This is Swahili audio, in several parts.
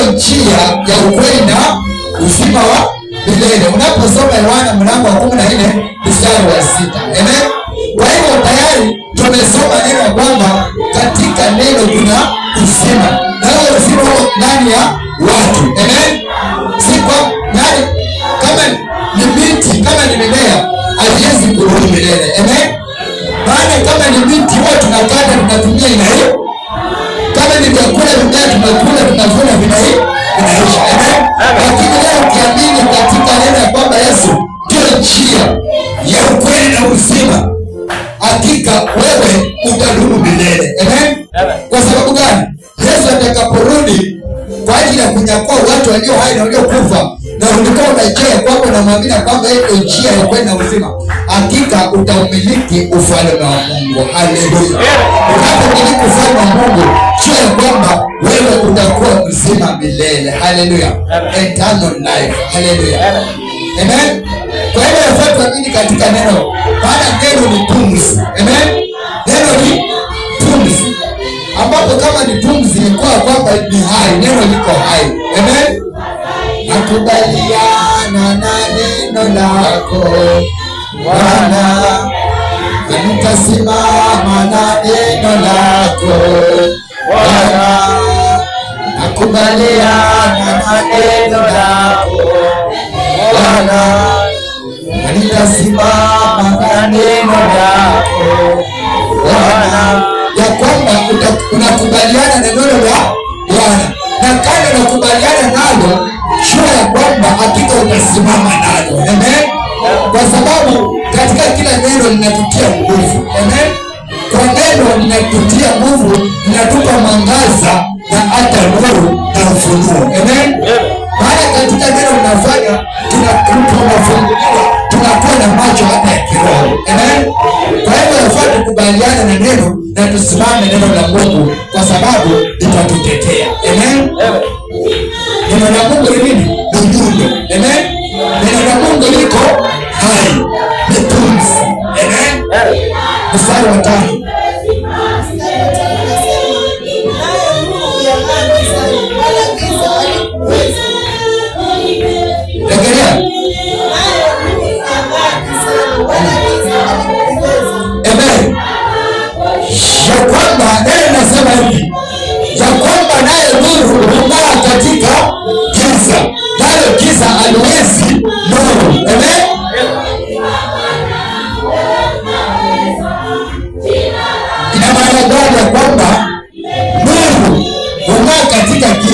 ndiyo njia ya ukweli na uzima wa milele. Unaposoma Yohana mlango wa kumi na nne mstari wa sita. Amen. Kwa hivyo tayari tumesoma neno kwamba katika neno kuna uzima, nao uzima huo ndani ya watu. Amen. Si kwa nani? Kama ni miti, kama ni mimea, haiwezi kurudi milele. Amen. Maana kama ni miti, huwa tunakata tunatumia, ina hiyo vyakula vibaya tunakula, tunavuna, vinaishi. Lakini leo ukiamini katika neno ya kwamba Yesu ndio njia ya ukweli na uzima, hakika wewe utadumu milele. Kwa sababu gani? Yesu atakaporudi kwa ajili ya kunyakua watu walio hai na waliokufa Ulikuwa unajua na unamwamini kwamba hiyo njia ya kwenda uzima, hakika utaumiliki ufalme wa Mungu. Haleluya! Utapomiliki ufalme wa Mungu, jua ya kwamba wewe utakuwa mzima milele. Haleluya, eternal life. Haleluya, amen. Kwa hiyo yafuata nini katika neno? Maana neno ni pumzi. Amen, neno ni pumzi, ambapo kama ni pumzi, ilikuwa kwamba ni hai, neno liko hai. Amen. Nakubaliana na neno lako Bwana, nitasimama na neno lako Bwana, nakubaliana na neno lako Bwana, nitasimama na neno lako Bwana, ya kwamba unakubaliana na neno lako kusimama nayo. Amen. Kwa sababu katika kila neno linatutia nguvu. Amen. Kwa neno linatutia nguvu, linatupa mwangaza na hata nuru na ufunuo. Amen. Maana katika neno linafanya mafunguo, tunakuwa na macho hata ya kiroho. Amen. Kwa hivyo yafaa tukubaliane na neno na tusimame neno la Mungu kwa sababu litatutetea. Amen. Neno la Mungu ni nini? Ni ujumbe. Amen liko hai ni pumzi. Amen. Mstari wa tano ya kwamba nasema hivi katika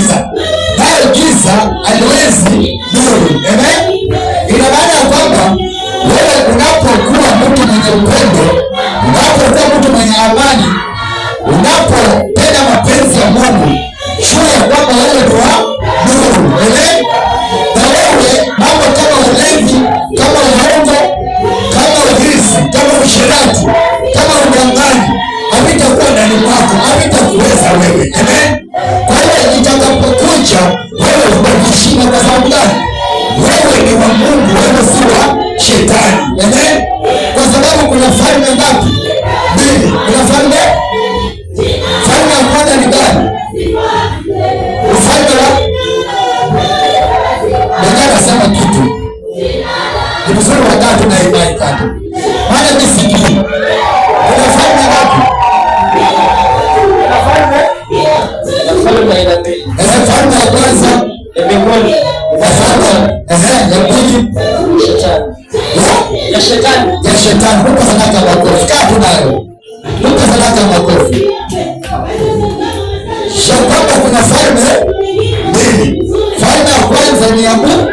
Mpe sadaka makofi. Kaa tu nayo. Mpe sadaka makofi. Ya kwamba kuna falme mbili. Falme ya kwanza ni ya Mungu.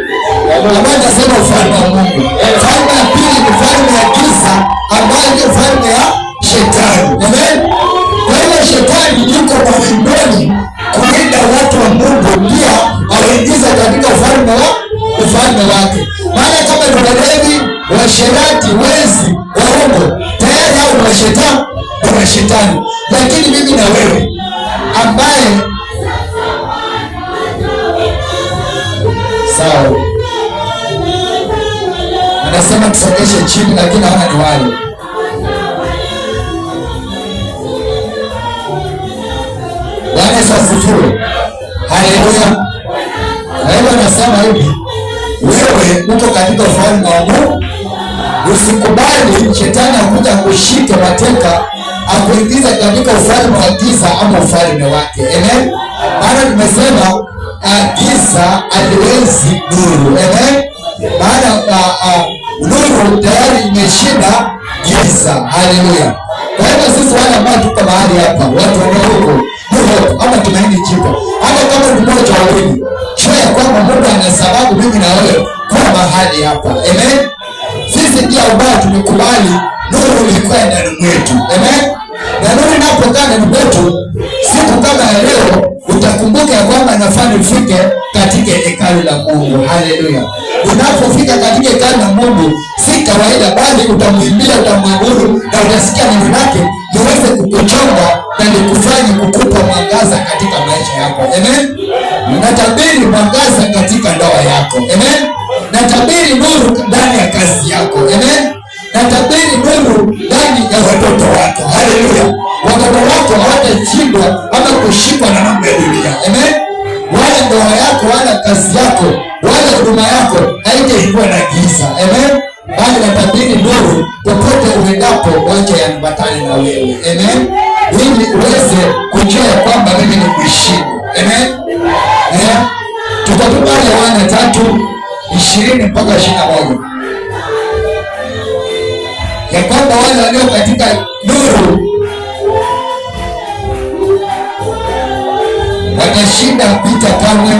Ambaye anasema ufalme wa Mungu. Falme ya pili ni falme ya giza ambayo ni falme ya shetani. Amen. Kwa hiyo shetani yuko mawindoni kulinda watu wa Mungu pia awaingiza katika ufalme wa ufalme wake. Maana kama ni walevi, washerati, wezi na shetani, lakini mimi na wewe ambaye sawa anasema tusogeshe chini, lakini hawana niwali Bwana Yesu asifiwe. Haleluya. Na anasema hivi, wewe uko katika ufalme wa Mungu. Usikubali shetani akuja kushika mateka akuingiza katika ufalme wa giza ama ufalme wake. Amen. Maana tumesema ah, giza aliwezi nuru. Amen. Maana ah, ah, nuru tayari imeshinda giza. Haleluya. Kwa hiyo sisi wale ambao tuko mahali hapa, watu wa huko ama tumaini jipo, hata kama tumoja wawili, jua ya kwamba Mungu ana sababu mimi na wewe kuwa mahali hapa. Amen. Sisi pia ambao tumekubali nuru ilikuwa ndani mwetu. Amen unapokaa ndani siku kama ya leo, utakumbuka ya kwamba nafani ufike katika hekalu la Mungu. Haleluya! Unapofika katika hekalu la Mungu si kawaida, bali utamwimbia, utamwabudu na utasikia neno lake liweze kukuchonga na likufanye kukupa mwangaza katika maisha yako. Amen. Natabiri mwangaza katika ndoa yako. Amen. Natabiri nuru ndani ya kazi yako. Amen. Natabiri nuru ndani ya watoto wako. Haleluya yako hawatajindwa ama kushikwa na mambo ya dunia. Amen. Wala ndoa yako wala kazi yako wala huduma yako haitaingiwa na giza. Amen. Bali natabiri nuru popote uendapo, wacha yaambatane na wewe. Amen. Ili uweze kujua ya kwamba mimi ni mheshimu. Amen. Tutatuma Yohana tatu ishirini mpaka ishirini na moja ya kwamba wale walio katika nuru Shida hupita kamwe,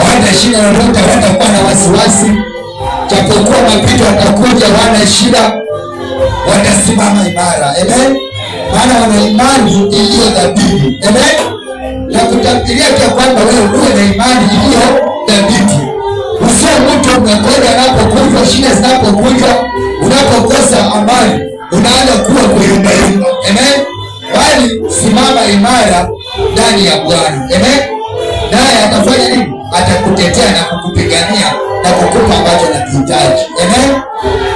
wana shida lolote, watakuwa na wasiwasi, japokuwa mapito watakuja, wana shida, watasimama imara. Amen, maana wana imani iliyo dhabiti. Amen, na kutamkilia ya kwamba wewe uwe na imani iliyo dhabiti, usio mtu unakoja anapokuja, shida zinapokuja, unapokosa amani, unaanza kuwa kuyumbayumba. Amen, bali simama imara ndani ya Bwana. Amen. Naye atafanya nini? Atakutetea na kukupigania na kukupa ambacho unahitaji. Amen.